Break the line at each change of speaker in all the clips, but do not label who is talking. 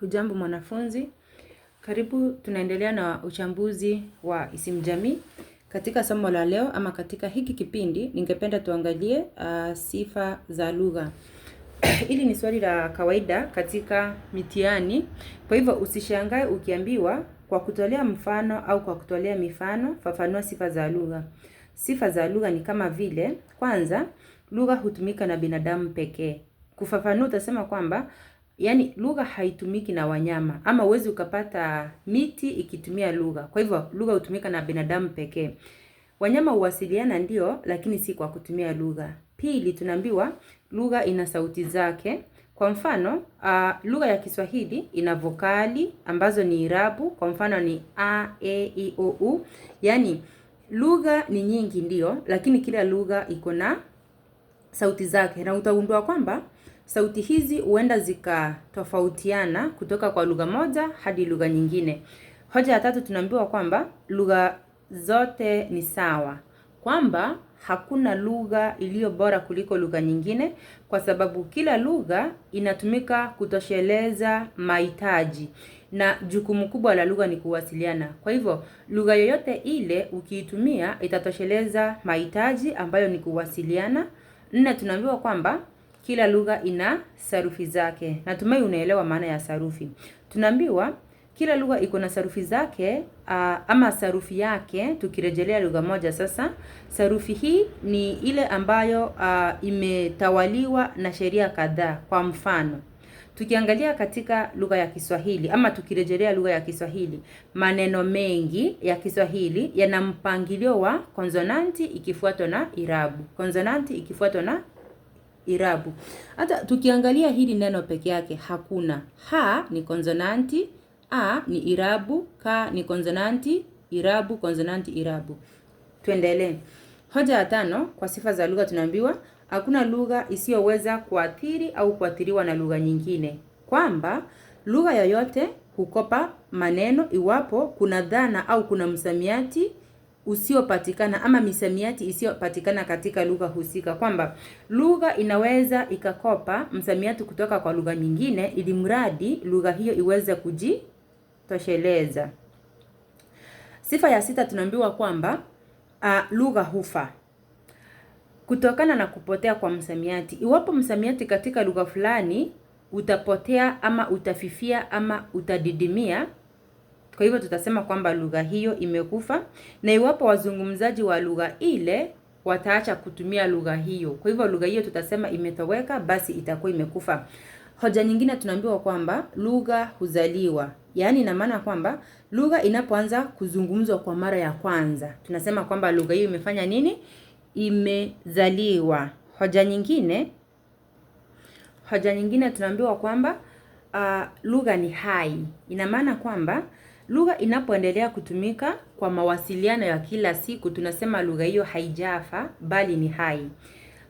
Hujambo mwanafunzi, karibu tunaendelea na uchambuzi wa isimu jamii. Katika somo la leo ama katika hiki kipindi, ningependa tuangalie uh, sifa za lugha. Hili ni swali la kawaida katika mitihani, kwa hivyo usishangae ukiambiwa kwa kutolea mfano au kwa kutolea mifano, fafanua sifa za lugha. Sifa za lugha ni kama vile, kwanza, lugha hutumika na binadamu pekee. Kufafanua utasema kwamba yani lugha haitumiki na wanyama, ama uwezi ukapata miti ikitumia lugha. Kwa hivyo lugha hutumika na binadamu pekee. Wanyama huwasiliana ndio, lakini si kwa kutumia lugha. Pili, tunaambiwa lugha ina sauti zake. Kwa mfano uh, lugha ya Kiswahili ina vokali ambazo ni irabu. Kwa mfano ni a, e, i, o, u. Yaani lugha ni nyingi ndio, lakini kila lugha iko na sauti zake, na utagundua kwamba Sauti hizi huenda zikatofautiana kutoka kwa lugha moja hadi lugha nyingine. Hoja ya tatu tunaambiwa kwamba lugha zote ni sawa, kwamba hakuna lugha iliyo bora kuliko lugha nyingine, kwa sababu kila lugha inatumika kutosheleza mahitaji na jukumu kubwa la lugha ni kuwasiliana. Kwa hivyo lugha yoyote ile ukiitumia itatosheleza mahitaji ambayo ni kuwasiliana. Nne, tunaambiwa kwamba kila lugha ina sarufi zake. Natumai unaelewa maana ya sarufi. Tunaambiwa kila lugha iko na sarufi zake uh, ama sarufi yake. Tukirejelea lugha moja sasa, sarufi hii ni ile ambayo uh, imetawaliwa na sheria kadhaa. Kwa mfano, tukiangalia katika lugha ya Kiswahili ama tukirejelea lugha ya Kiswahili, maneno mengi ya Kiswahili yana mpangilio wa konsonanti ikifuatwa na irabu, konsonanti ikifuatwa na irabu. Hata tukiangalia hili neno peke yake hakuna. Ha ni konsonanti, a ni irabu, ka ni konsonanti, irabu, konsonanti, irabu. Tuendelee. Hoja ya tano, kwa sifa za lugha tunaambiwa hakuna lugha isiyoweza kuathiri au kuathiriwa na lugha nyingine, kwamba lugha yoyote hukopa maneno iwapo kuna dhana au kuna msamiati usiopatikana ama misamiati isiyopatikana katika lugha husika, kwamba lugha inaweza ikakopa msamiati kutoka kwa lugha nyingine, ili mradi lugha hiyo iweze kujitosheleza. Sifa ya sita tunaambiwa kwamba lugha hufa kutokana na kupotea kwa msamiati. Iwapo msamiati katika lugha fulani utapotea ama utafifia ama utadidimia kwa hivyo tutasema kwamba lugha hiyo imekufa, na iwapo wazungumzaji wa lugha ile wataacha kutumia lugha hiyo, kwa hivyo lugha hiyo tutasema imetoweka, basi itakuwa imekufa. Hoja nyingine tunaambiwa kwamba lugha huzaliwa, yaani ina maana kwamba lugha inapoanza kuzungumzwa kwa mara ya kwanza, tunasema kwamba lugha hiyo imefanya nini? Imezaliwa. Hoja nyingine, hoja nyingine tunaambiwa kwamba uh, lugha ni hai, ina maana kwamba Lugha inapoendelea kutumika kwa mawasiliano ya kila siku, tunasema lugha hiyo haijafa bali ni hai.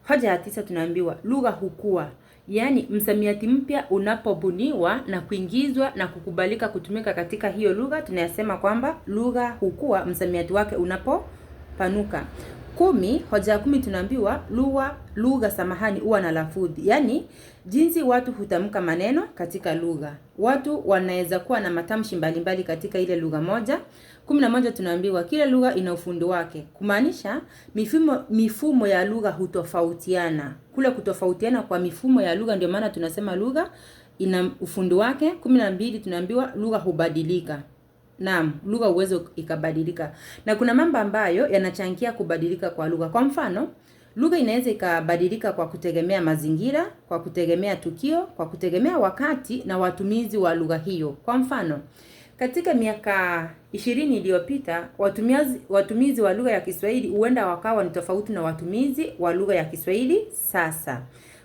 Hoja ya tisa tunaambiwa lugha hukua, yaani msamiati mpya unapobuniwa na kuingizwa na kukubalika kutumika katika hiyo lugha, tunayasema kwamba lugha hukua msamiati wake unapopanuka kumi, hoja ya kumi tunaambiwa lugha lugha, samahani, huwa na lafudhi, yaani jinsi watu hutamka maneno katika lugha. Watu wanaweza kuwa na matamshi mbalimbali katika ile lugha moja. Kumi na moja tunaambiwa kila lugha ina ufundi wake, kumaanisha mifumo mifumo ya lugha hutofautiana. Kule kutofautiana kwa mifumo ya lugha, ndio maana tunasema lugha ina ufundi wake. Kumi na mbili tunaambiwa lugha hubadilika. Naam, lugha uwezo ikabadilika, na kuna mambo ambayo yanachangia kubadilika kwa lugha. Kwa mfano, lugha inaweza ikabadilika kwa kutegemea mazingira, kwa kutegemea tukio, kwa kutegemea wakati na watumizi wa lugha hiyo. Kwa mfano, katika miaka ishirini iliyopita watumizi, watumizi wa lugha ya Kiswahili huenda wakawa ni tofauti na watumizi wa lugha ya Kiswahili sasa.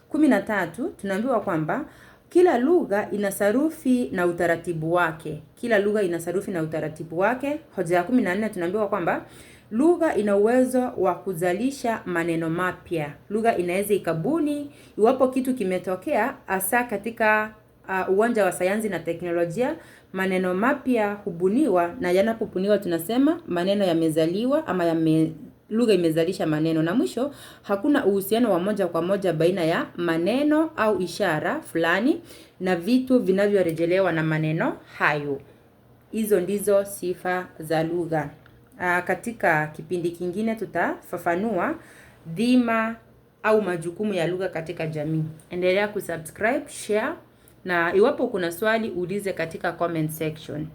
kumi na tatu tunaambiwa kwamba kila lugha ina sarufi na utaratibu wake. Kila lugha ina sarufi na utaratibu wake. Hoja ya 14 tunaambiwa kwamba lugha ina uwezo wa kuzalisha maneno mapya. Lugha inaweza ikabuni iwapo kitu kimetokea, hasa katika uh, uwanja wa sayansi na teknolojia. Maneno mapya hubuniwa, na yanapobuniwa tunasema maneno yamezaliwa ama yame lugha imezalisha maneno. Na mwisho, hakuna uhusiano wa moja kwa moja baina ya maneno au ishara fulani na vitu vinavyorejelewa na maneno hayo. Hizo ndizo sifa za lugha. Ah, katika kipindi kingine tutafafanua dhima au majukumu ya lugha katika jamii. Endelea kusubscribe, share na iwapo kuna swali uulize katika comment section.